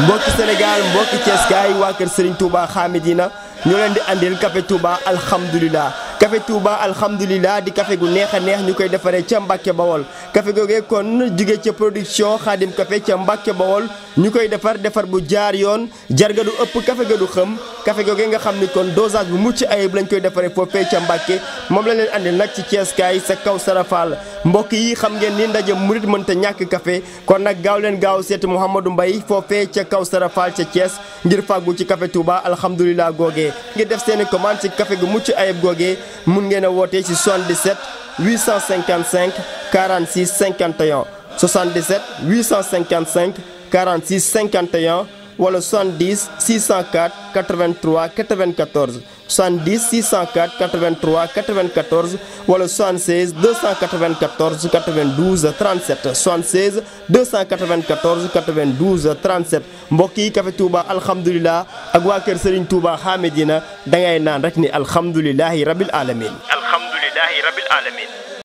mbokki Sénégal mbokki Thiès gaay waa kër Serigne Touba Xaamidina ñu leen di andil café Touba alhamdulilah café Touba alhamdulilah di café gu neex a neex ñu koy defaree ca Mbàkke Bawol kafe googee kon jugee ca production xaadim kafe ca Mbàkke Bawol ñu koy defar defar bu jaar yoon jarga du ëpp kafe ga du xëm café googee nga xam ni kon dosage bu mucc ayib lañ koy defaree foofee ca Mbàkke moom la leen andil nag ci Thiès kaay sa kaw sarafal mbokk yi xam ngeen ni ndaje murit mënta ñàkk kafe kon nag gaaw leen gaaw seet Mouhamadou mbay foofee ca kaw sarafal ca Thiès ngir fàggu ci café Touba googee ngir def seeni commande ci café gu mucc ayib googee mun ngeen a woote ci 77 855 46 51 77 855 46 51. wala 70 604 83 94 70 604 83 94 wala 76 294 92 37 76 294 92 37 mbokk yi Café Touba alhamdulilah ak waa kër Serigne Touba Xaamidina dangay naan rek ni alhamdulilahi rabil alamin alhamdulilahi rabbil alamin